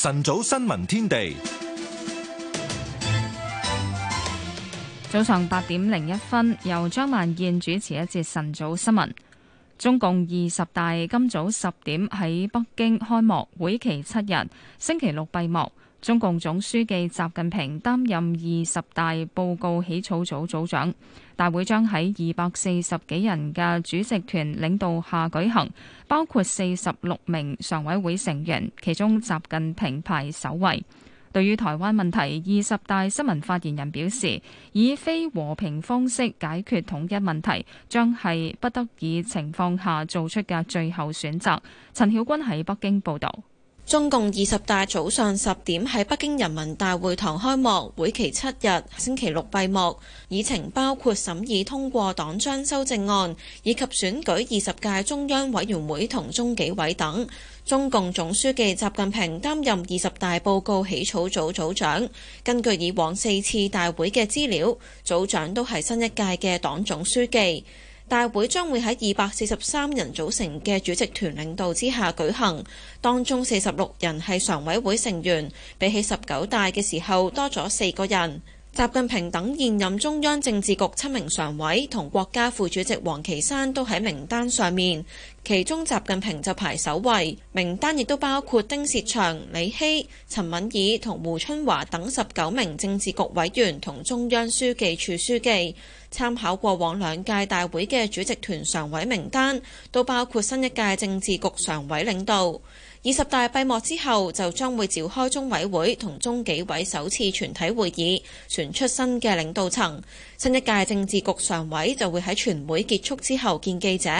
晨早新聞天地，早上八點零一分，由張曼燕主持一節晨早新聞。中共二十大今早十點喺北京開幕，會期七日，星期六閉幕。中共總書記習近平擔任二十大報告起草組組長，大會將喺二百四十幾人嘅主席團領導下舉行，包括四十六名常委會成員，其中習近平排首位。對於台灣問題，二十大新聞發言人表示，以非和平方式解決統一問題，將係不得已情況下做出嘅最後選擇。陳曉君喺北京報導。中共二十大早上十點喺北京人民大會堂開幕，會期七日，星期六閉幕。議程包括審議通過黨章修正案，以及選舉二十屆中央委員會同中紀委等。中共總書記習近平擔任二十大報告起草組組長，根據以往四次大會嘅資料，組長都係新一屆嘅黨總書記。大會將會喺二百四十三人組成嘅主席團領導之下舉行，當中四十六人係常委會成員，比起十九大嘅時候多咗四個人。習近平等現任中央政治局七名常委同國家副主席王岐山都喺名單上面，其中習近平就排首位。名單亦都包括丁薛祥、李希、陳敏爾同胡春華等十九名政治局委員同中央書記處書記。參考過往兩屆大會嘅主席團常委名單，都包括新一屆政治局常委領導。二十大閉幕之後，就將會召開中委會同中紀委首次全體會議，選出新嘅領導層。新一屆政治局常委就會喺全會結束之後見記者。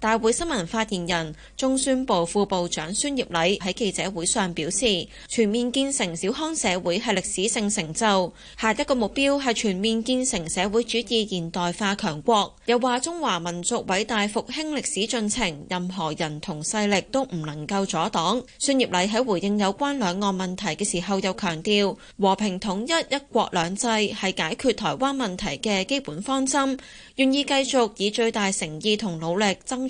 大會新聞發言人、中宣部副部長孫業禮喺記者會上表示，全面建成小康社會係歷史性成就，下一個目標係全面建成社會主義現代化強國。又話中華民族偉大復興歷史進程，任何人同勢力都唔能夠阻擋。孫業禮喺回應有關兩岸問題嘅時候又，又強調和平統一、一國兩制係解決台灣問題嘅基本方針，願意繼續以最大誠意同努力爭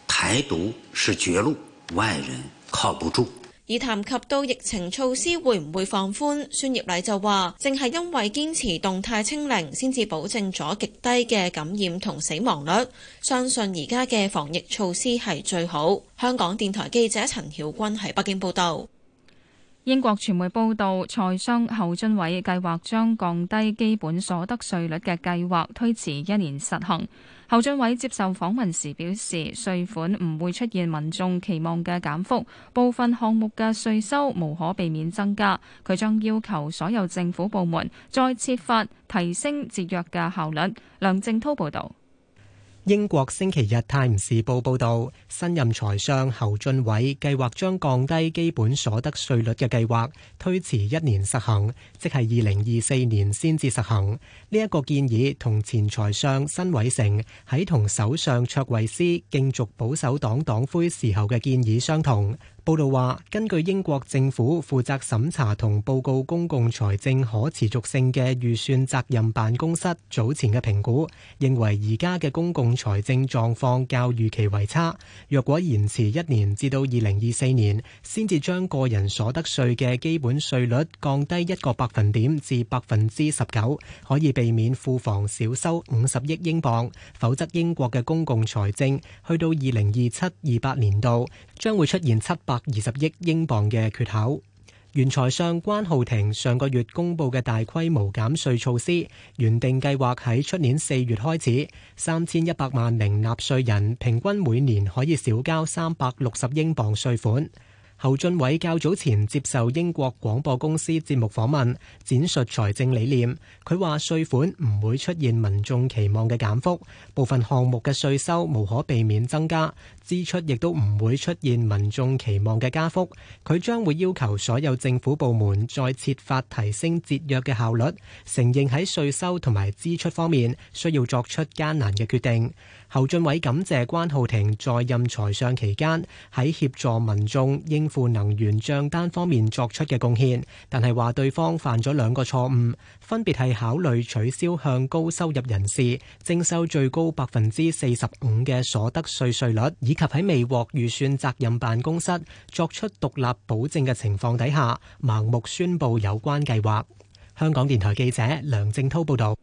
台獨是絕路，外人靠不住。而談及到疫情措施會唔會放寬，孫業禮就話：，正係因為堅持動態清零，先至保證咗極低嘅感染同死亡率。相信而家嘅防疫措施係最好。香港電台記者陳曉君喺北京報道。英國傳媒報道，財相侯俊偉計劃將降低基本所得稅率嘅計劃推遲一年實行。侯俊偉接受訪問時表示，稅款唔會出現民眾期望嘅減幅，部分項目嘅稅收無可避免增加。佢將要求所有政府部門再設法提升節約嘅效率。梁正濤報道。英國星期日《泰晤士報》報道，新任財相侯俊偉計劃將降低基本所得稅率嘅計劃推遲一年實行，即係二零二四年先至實行。呢、這、一個建議同前財相辛偉成喺同首相卓偉斯競逐保守黨黨魁時候嘅建議相同。報道話，根據英國政府負責審查同報告公共財政可持續性嘅預算責任辦公室早前嘅評估，認為而家嘅公共財政狀況較預期為差。若果延遲一年至到二零二四年，先至將個人所得稅嘅基本稅率降低一個百分點至百分之十九，可以避免庫房少收五十億英鎊。否則英國嘅公共財政去到二零二七、二八年度將會出現七百二十億英鎊嘅缺口。原財相關浩庭上個月公布嘅大規模減稅措施，原定計劃喺出年四月開始，三千一百萬名納稅人平均每年可以少交三百六十英鎊稅款。侯俊偉較早前接受英國廣播公司節目訪問，展述財政理念。佢話稅款唔會出現民眾期望嘅減幅，部分項目嘅稅收無可避免增加，支出亦都唔會出現民眾期望嘅加幅。佢將會要求所有政府部門再設法提升節約嘅效率，承認喺稅收同埋支出方面需要作出艱難嘅決定。侯俊偉感謝關浩庭在任財相期間喺協助民眾應付能源賬單方面作出嘅貢獻，但係話對方犯咗兩個錯誤，分別係考慮取消向高收入人士徵收最高百分之四十五嘅所得稅稅率，以及喺未獲預算責任辦公室作出獨立保證嘅情況底下，盲目宣布有關計劃。香港電台記者梁正濤報道。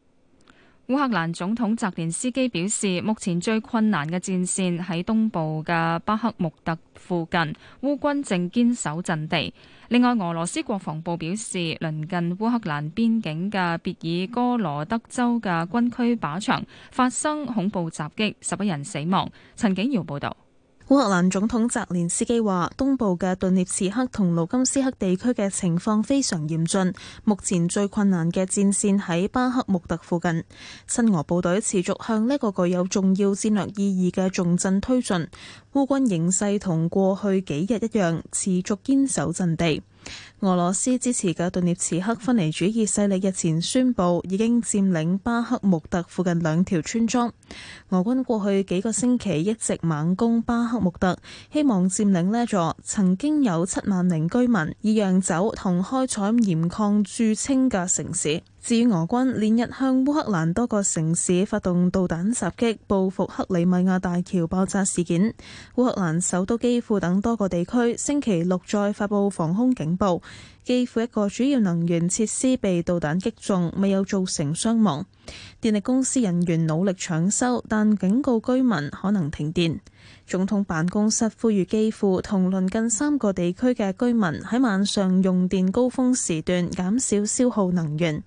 烏克蘭總統澤連斯基表示，目前最困難嘅戰線喺東部嘅巴克穆特附近，烏軍正堅守陣地。另外，俄羅斯國防部表示，鄰近烏克蘭邊境嘅別爾哥羅德州嘅軍區靶，靶場發生恐怖襲擊，十一人死亡。陳景瑤報道。烏克蘭總統澤連斯基話，東部嘅頓涅茨克同盧甘斯克地區嘅情況非常嚴峻，目前最困難嘅戰線喺巴克穆特附近，新俄部隊持續向呢個具有重要戰略意義嘅重鎮推進。烏軍形勢同過去幾日一樣持續堅守陣地。俄羅斯支持嘅頓涅茨克分離主義勢力日前宣布已經佔領巴克穆特附近兩條村莊。俄軍過去幾個星期一直猛攻巴克穆特，希望佔領呢座曾經有七萬名居民以釀酒同開採鹽礦著稱嘅城市。至於俄軍連日向烏克蘭多個城市發動導彈襲擊，報復克里米亞大橋爆炸事件。烏克蘭首都基輔等多個地區星期六再發布防空警報，基輔一個主要能源設施被導彈擊中，未有造成傷亡。電力公司人員努力搶修，但警告居民可能停電。總統辦公室呼籲基庫同鄰近三個地區嘅居民喺晚上用電高峰時段減少消耗能源。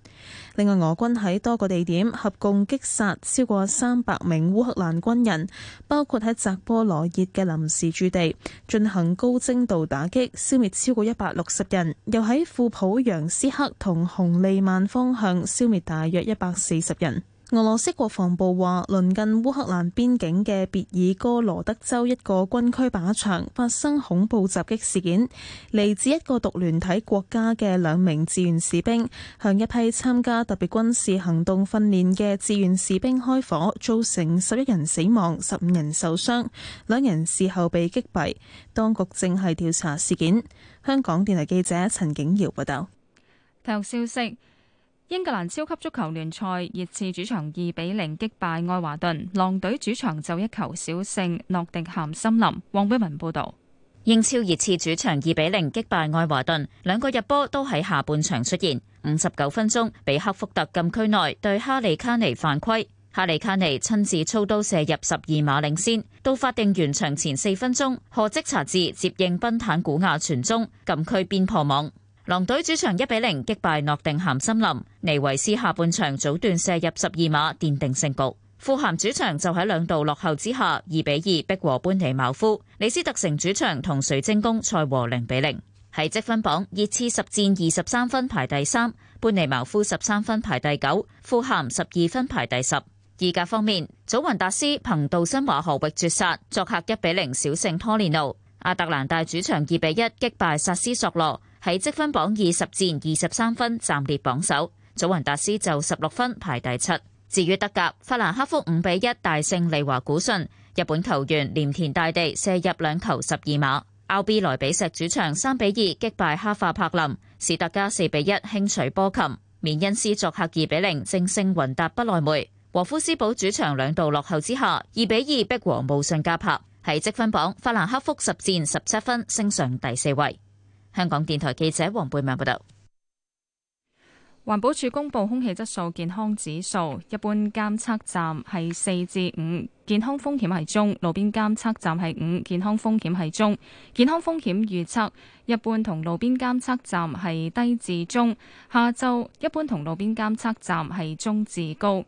另外，俄軍喺多個地點合共擊殺超過三百名烏克蘭軍人，包括喺扎波羅熱嘅臨時駐地進行高精度打擊，消滅超過一百六十人；又喺庫普揚斯克同紅利曼方向消滅大約一百四十人。俄羅斯國防部話，鄰近烏克蘭邊境嘅別爾哥羅德州一個軍區靶，靶場發生恐怖襲擊事件，嚟自一個獨聯體國家嘅兩名志願士兵向一批參加特別軍事行動訓練嘅志願士兵開火，造成十一人死亡、十五人受傷，兩人事後被擊斃。當局正係調查事件。香港電台記者陳景堯報道。體育消息。英格蘭超級足球聯賽熱刺主場2比0擊敗愛華頓，狼隊主場就一球小勝諾定咸森林。黃偉文報道：英超熱刺主場2比0擊敗愛華頓，兩個入波都喺下半場出現。五十九分鐘，比克福特禁區內對哈利卡尼犯規，哈利卡尼親自操刀射入十二碼領先。到法定完場前四分鐘，何積查治接應賓坦古亞傳中，禁區邊破網。狼隊主場一比零擊敗諾定咸森林，尼維斯下半場早段射入十二碼，奠定勝局。富咸主場就喺兩度落後之下二比二逼和班尼茅夫。李斯特城主場同水晶宮賽和零比零。喺積分榜，熱刺十戰二十三分排第三，班尼茅夫十三分排第九，富咸十二分排第十。意甲方面，祖雲達斯憑杜森華河域絕殺，作客一比零小勝拖連奴。阿特蘭大主場二比一擊敗薩斯索羅。喺積分榜，二十戰二十三分，暫列榜首。祖雲達斯就十六分排第七。至於德甲，法蘭克福五比一大勝利華古遜，日本球員鎌田大地射入兩球十二碼。奧比萊比錫主場三比二擊敗哈化柏林，史特加四比一輕取波琴。緬恩斯作客二比零正勝雲達不萊梅。禾夫斯堡主場兩度落後之下，二比二逼和慕遜加柏。喺積分榜，法蘭克福十戰十七分，升上第四位。香港電台記者王貝曼報道，環保署公布空氣質素健康指數，一般監測站係四至五，健康風險係中；路邊監測站係五，健康風險係中。健康風險預測，一般同路邊監測站係低至中，下晝一般同路邊監測站係中至高。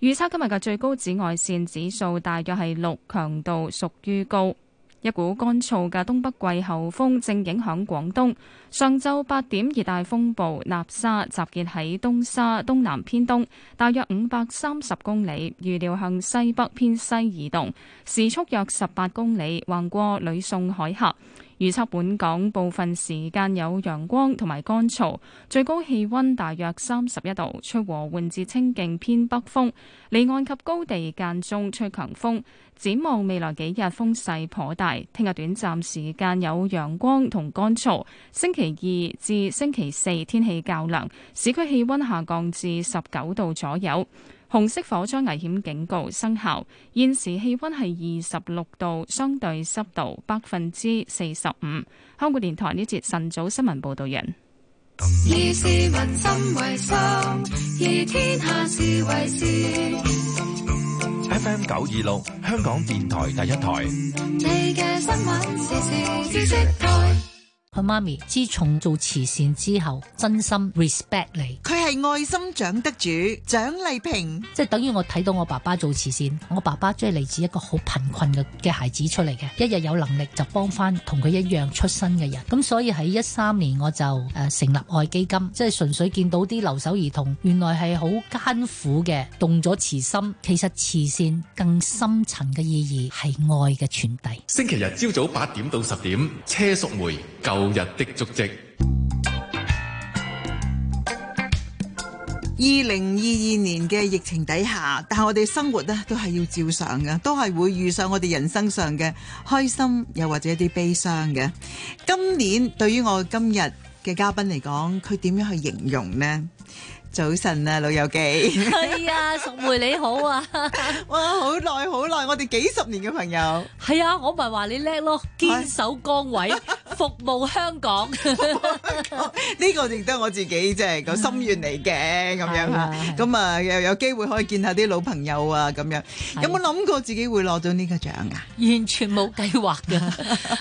預測今日嘅最高紫外線指數大約係六，強度屬於高。一股乾燥嘅東北季候風正影響廣東。上晝八點，熱帶風暴納沙集結喺東沙東南偏東，大約五百三十公里，預料向西北偏西移動，時速約十八公里，橫過呂宋海峽。預測本港部分時間有陽光同埋乾燥，最高氣溫大約三十一度，吹和緩至清勁偏北風，離岸及高地間中吹強風。展望未來幾日風勢頗大，聽日短暫時間有陽光同乾燥。星期二至星期四天氣較涼，市區氣溫下降至十九度左右。紅色火災危險警告生效。現時氣溫係二十六度，相對濕度百分之四十五。香港電台呢節晨早新聞報道人事事。F M 九二六，香港電台第一台。佢媽咪自從做慈善之後，真心 respect 你。佢係愛心獎得主蔣麗萍，即係等於我睇到我爸爸做慈善。我爸爸即係嚟自一個好貧困嘅嘅孩子出嚟嘅，一日有能力就幫翻同佢一樣出身嘅人。咁所以喺一三年我就誒、呃、成立愛基金，即係純粹見到啲留守兒童，原來係好艱苦嘅，動咗慈心。其實慈善更深層嘅意義係愛嘅傳遞。星期日朝早八點到十點，車淑梅舊日的足迹。二零二二年嘅疫情底下，但係我哋生活呢都係要照常嘅，都係會遇上我哋人生上嘅開心，又或者一啲悲傷嘅。今年對於我今日嘅嘉賓嚟講，佢點樣去形容呢？早晨啊，老友記，係啊，淑梅你好啊，哇，好耐好耐，我哋幾十年嘅朋友，係啊，我咪話你叻咯，堅守崗位，服務香港，呢個亦都係我自己即係個心願嚟嘅。咁樣，咁啊，又有機會可以見下啲老朋友啊，咁樣，有冇諗過自己會攞到呢個獎啊？完全冇計劃噶，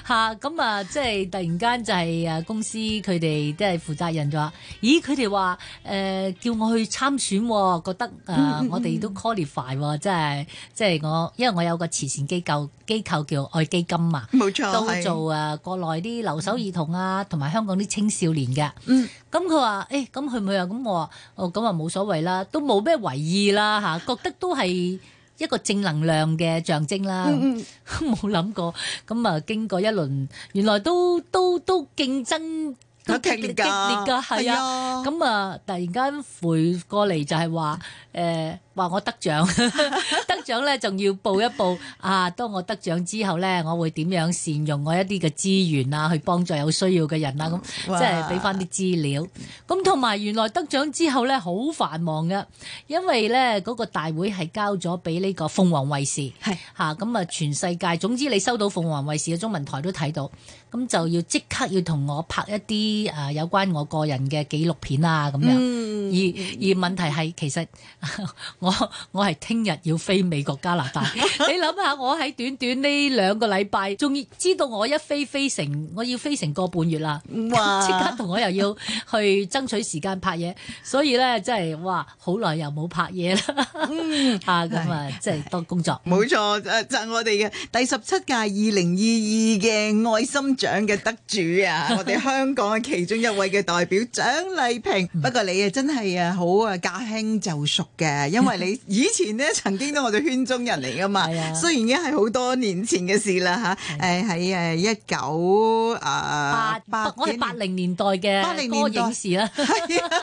吓，咁啊，即係突然間就係啊，公司佢哋即係負責人就話，咦，佢哋話誒。叫我去參選，覺得誒，我哋都 qualify 喎，即係即係我，因為我有個慈善機構機構叫愛基金啊，冇錯都做誒國內啲留守兒童啊，同埋、嗯、香港啲青少年嘅。嗯，咁佢話，誒、欸、咁，去唔去啊？咁我，我咁話冇所謂啦，都冇咩為意啦嚇，覺得都係一個正能量嘅象徵啦，冇諗、嗯、過。咁啊，經過一輪，原來都都都競爭。激烈噶，係啊！咁啊、嗯，突然間回過嚟就係話，誒、呃，話我得獎。 得獎咧仲要報一報啊！當我得獎之後咧，我會點樣善用我一啲嘅資源啊，去幫助有需要嘅人啊，咁即係俾翻啲資料。咁同埋原來得獎之後咧，好繁忙噶，因為咧、嗰個大會係交咗俾呢個鳳凰衛視，係吓咁啊！全世界，總之你收到鳳凰衛視嘅中文台都睇到，咁就要即刻要同我拍一啲誒、啊、有關我個人嘅紀錄片啊咁樣。嗯、而而問題係，其實、啊、我我係聽日要飛。 美國、加拿大，你諗下，我喺短短呢兩個禮拜，仲要知道我一飛飛成，我要飛成個半月啦。哇！即刻同我又要去爭取時間拍嘢，所以咧真係哇，好耐又冇拍嘢啦。嗯，咁啊，真係多工作。冇 錯，就係我哋嘅第十七屆二零二二嘅愛心獎嘅得主啊， 我哋香港其中一位嘅代表蔣麗萍。 不過你啊真係啊好啊駕輕就熟嘅，因為你以前呢，曾經都我哋。 圈中人嚟㗎嘛，啊、雖然已經係好多年前嘅事啦吓，誒、啊，喺誒一九誒八八，我係八零年代嘅年代影視啦。